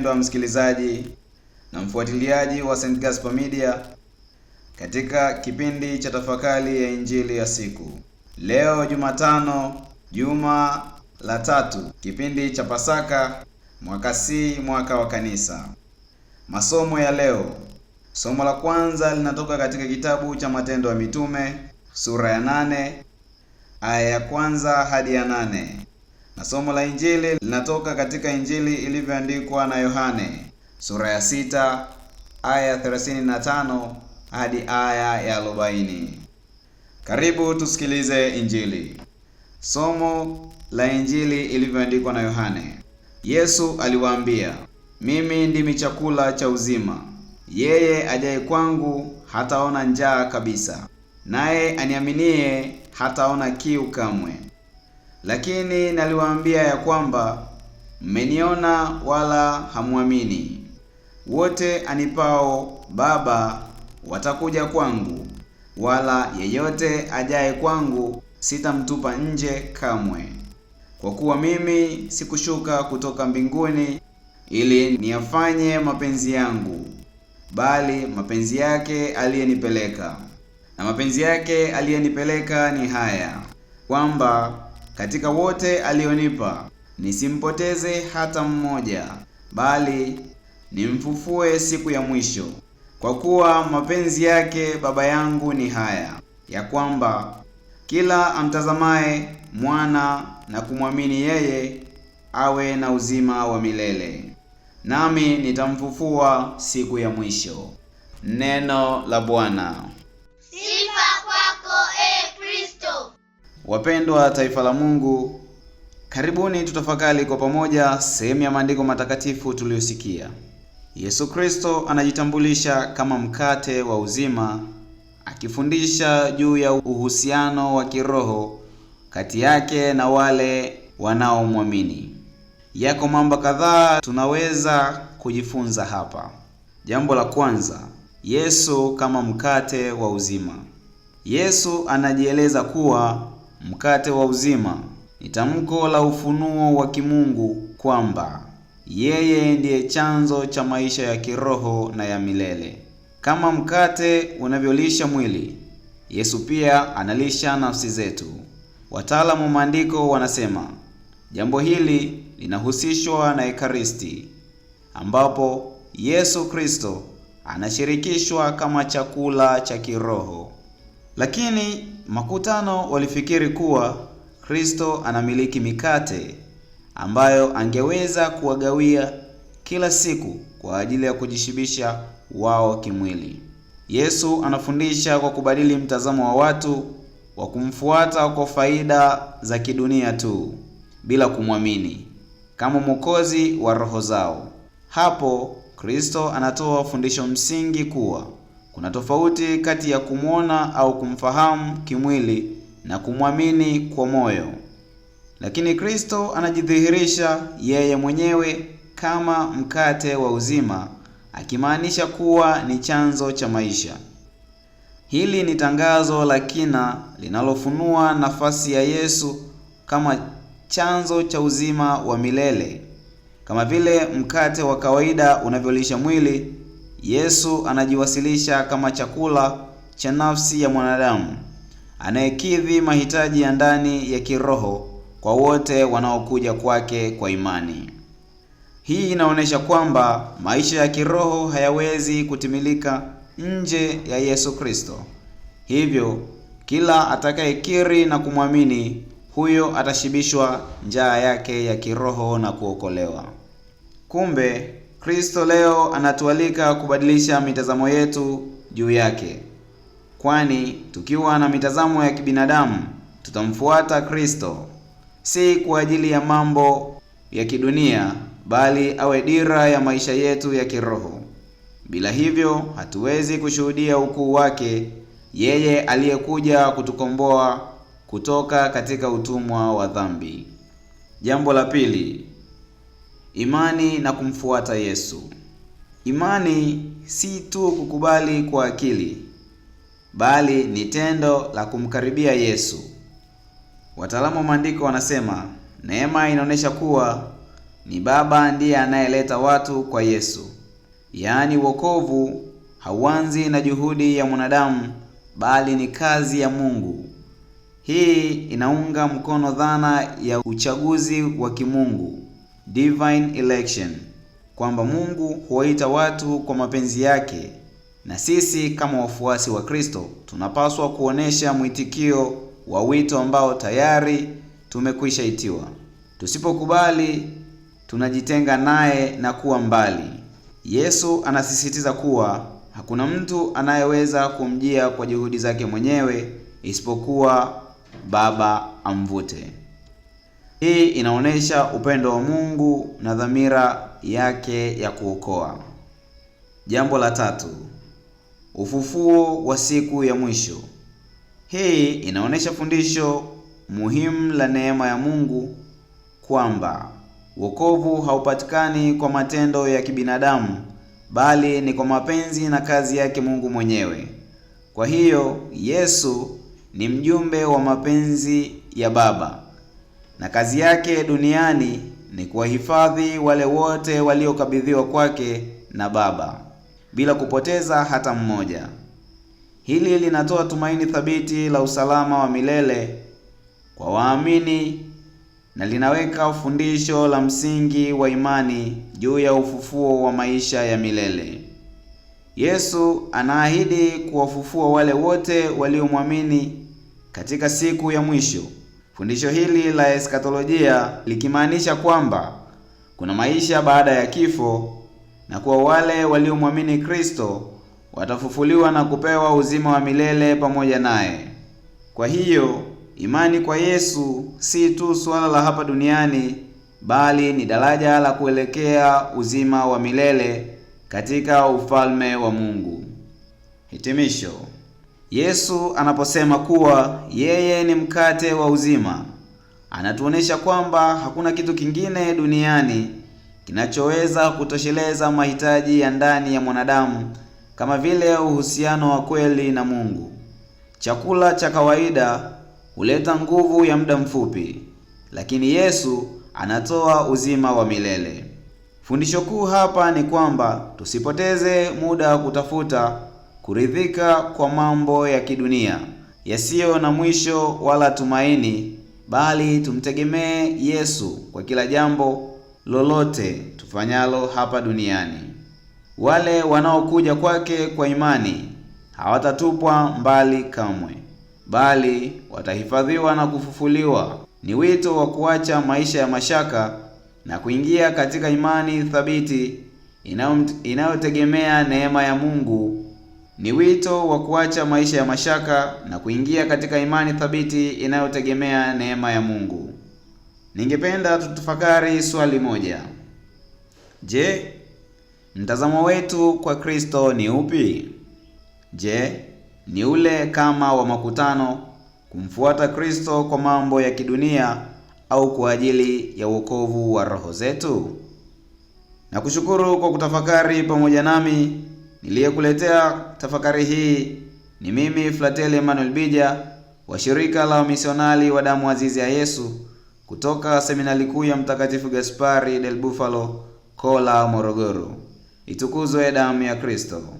mpendwa msikilizaji na mfuatiliaji wa St. Gaspar Media katika kipindi cha tafakari ya injili ya siku. Leo Jumatano, juma la tatu, kipindi cha Pasaka, mwaka C, mwaka wa Kanisa. Masomo ya leo, somo la kwanza linatoka katika kitabu cha Matendo ya Mitume sura ya nane aya ya kwanza hadi ya nane na somo la Injili linatoka katika Injili ilivyoandikwa na Yohane sura ya sita aya 35 hadi aya ya 40. Karibu tusikilize Injili. Somo la Injili ilivyoandikwa na Yohane. Yesu aliwaambia, mimi ndimi chakula cha uzima. Yeye ajaye kwangu hataona njaa kabisa, naye aniaminie hataona kiu kamwe lakini naliwaambia ya kwamba mmeniona wala hamwamini. Wote anipao Baba watakuja kwangu, wala yeyote ajaye kwangu sitamtupa nje kamwe. Kwa kuwa mimi sikushuka kutoka mbinguni ili niyafanye mapenzi yangu, bali mapenzi yake aliyenipeleka. Na mapenzi yake aliyenipeleka ni haya, kwamba katika wote alionipa, nisimpoteze hata mmoja, bali nimfufue siku ya mwisho. Kwa kuwa mapenzi yake Baba yangu ni haya, ya kwamba kila amtazamaye mwana na kumwamini yeye awe na uzima wa milele, nami nitamfufua siku ya mwisho. Neno la Bwana. Wapendwa taifa la Mungu, karibuni tutafakari kwa pamoja sehemu ya maandiko matakatifu tuliyosikia. Yesu Kristo anajitambulisha kama mkate wa uzima, akifundisha juu ya uhusiano wa kiroho kati yake na wale wanaomwamini. Yako mambo kadhaa tunaweza kujifunza hapa. Jambo la kwanza, Yesu kama mkate wa uzima. Yesu anajieleza kuwa mkate wa uzima. Ni tamko la ufunuo wa kimungu kwamba yeye ndiye chanzo cha maisha ya kiroho na ya milele. Kama mkate unavyolisha mwili, Yesu pia analisha nafsi zetu. Wataalamu wa maandiko wanasema jambo hili linahusishwa na Ekaristi, ambapo Yesu Kristo anashirikishwa kama chakula cha kiroho. Lakini makutano walifikiri kuwa Kristo anamiliki mikate ambayo angeweza kuwagawia kila siku kwa ajili ya kujishibisha wao kimwili. Yesu anafundisha kwa kubadili mtazamo wa watu wa kumfuata kwa faida za kidunia tu bila kumwamini kama mwokozi wa roho zao. Hapo Kristo anatoa fundisho msingi kuwa kuna tofauti kati ya kumwona au kumfahamu kimwili na kumwamini kwa moyo. Lakini Kristo anajidhihirisha yeye mwenyewe kama mkate wa uzima, akimaanisha kuwa ni chanzo cha maisha. Hili ni tangazo la kina linalofunua nafasi ya Yesu kama chanzo cha uzima wa milele. Kama vile mkate wa kawaida unavyolisha mwili, Yesu anajiwasilisha kama chakula cha nafsi ya mwanadamu anayekidhi mahitaji ya ndani ya kiroho kwa wote wanaokuja kwake kwa imani. Hii inaonyesha kwamba maisha ya kiroho hayawezi kutimilika nje ya Yesu Kristo. Hivyo kila atakayekiri na kumwamini huyo atashibishwa njaa yake ya kiroho na kuokolewa. Kumbe Kristo leo anatualika kubadilisha mitazamo yetu juu yake, kwani tukiwa na mitazamo ya kibinadamu tutamfuata Kristo si kwa ajili ya mambo ya kidunia, bali awe dira ya maisha yetu ya kiroho. Bila hivyo, hatuwezi kushuhudia ukuu wake, yeye aliyekuja kutukomboa kutoka katika utumwa wa dhambi. Jambo la pili, Imani na kumfuata Yesu. Imani si tu kukubali kwa akili, bali ni tendo la kumkaribia Yesu. Wataalamu wa maandiko wanasema neema inaonyesha kuwa ni Baba ndiye anayeleta watu kwa Yesu, yaani wokovu hauanzi na juhudi ya mwanadamu, bali ni kazi ya Mungu. Hii inaunga mkono dhana ya uchaguzi wa kimungu divine election, kwamba Mungu huwaita watu kwa mapenzi yake, na sisi kama wafuasi wa Kristo tunapaswa kuonesha mwitikio wa wito ambao tayari tumekwishaitiwa Tusipokubali tunajitenga naye na kuwa mbali. Yesu anasisitiza kuwa hakuna mtu anayeweza kumjia kwa juhudi zake mwenyewe isipokuwa Baba amvute. Hii inaonyesha upendo wa Mungu na dhamira yake ya kuokoa. Jambo la tatu, ufufuo wa siku ya mwisho. Hii inaonyesha fundisho muhimu la neema ya Mungu kwamba wokovu haupatikani kwa matendo ya kibinadamu bali ni kwa mapenzi na kazi yake Mungu mwenyewe. Kwa hiyo Yesu ni mjumbe wa mapenzi ya Baba na kazi yake duniani ni kuwahifadhi wale wote waliokabidhiwa kwake na Baba bila kupoteza hata mmoja. Hili linatoa tumaini thabiti la usalama wa milele kwa waamini na linaweka fundisho la msingi wa imani juu ya ufufuo wa maisha ya milele. Yesu anaahidi kuwafufua wale wote waliomwamini katika siku ya mwisho. Fundisho hili la eskatolojia likimaanisha kwamba kuna maisha baada ya kifo na kuwa wale waliomwamini Kristo watafufuliwa na kupewa uzima wa milele pamoja naye. Kwa hiyo imani kwa Yesu si tu suala la hapa duniani, bali ni daraja la kuelekea uzima wa milele katika ufalme wa Mungu. Hitimisho. Yesu anaposema kuwa yeye ni mkate wa uzima, anatuonesha kwamba hakuna kitu kingine duniani kinachoweza kutosheleza mahitaji ya ndani ya mwanadamu kama vile uhusiano wa kweli na Mungu. Chakula cha kawaida huleta nguvu ya muda mfupi, lakini Yesu anatoa uzima wa milele. Fundisho kuu hapa ni kwamba tusipoteze muda wa kutafuta kuridhika kwa mambo ya kidunia yasiyo na mwisho wala tumaini, bali tumtegemee Yesu kwa kila jambo lolote tufanyalo hapa duniani. Wale wanaokuja kwake kwa imani hawatatupwa mbali kamwe, bali watahifadhiwa na kufufuliwa. Ni wito wa kuacha maisha ya mashaka na kuingia katika imani thabiti inayotegemea neema ya Mungu ni wito wa kuacha maisha ya mashaka na kuingia katika imani thabiti inayotegemea neema ya Mungu. Ningependa tutafakari swali moja. Je, mtazamo wetu kwa Kristo ni upi? Je, ni ule kama wa makutano, kumfuata Kristo kwa mambo ya kidunia au kwa ajili ya wokovu wa roho zetu? Nakushukuru kwa kutafakari pamoja nami. Niliyekuletea tafakari hii ni mimi Flateli Emmanuel Bija wa shirika la wamisionari wa damu azizi ya Yesu kutoka seminari kuu ya Mtakatifu Gaspari del Bufalo, Kola, Morogoro. Itukuzwe damu ya Kristo!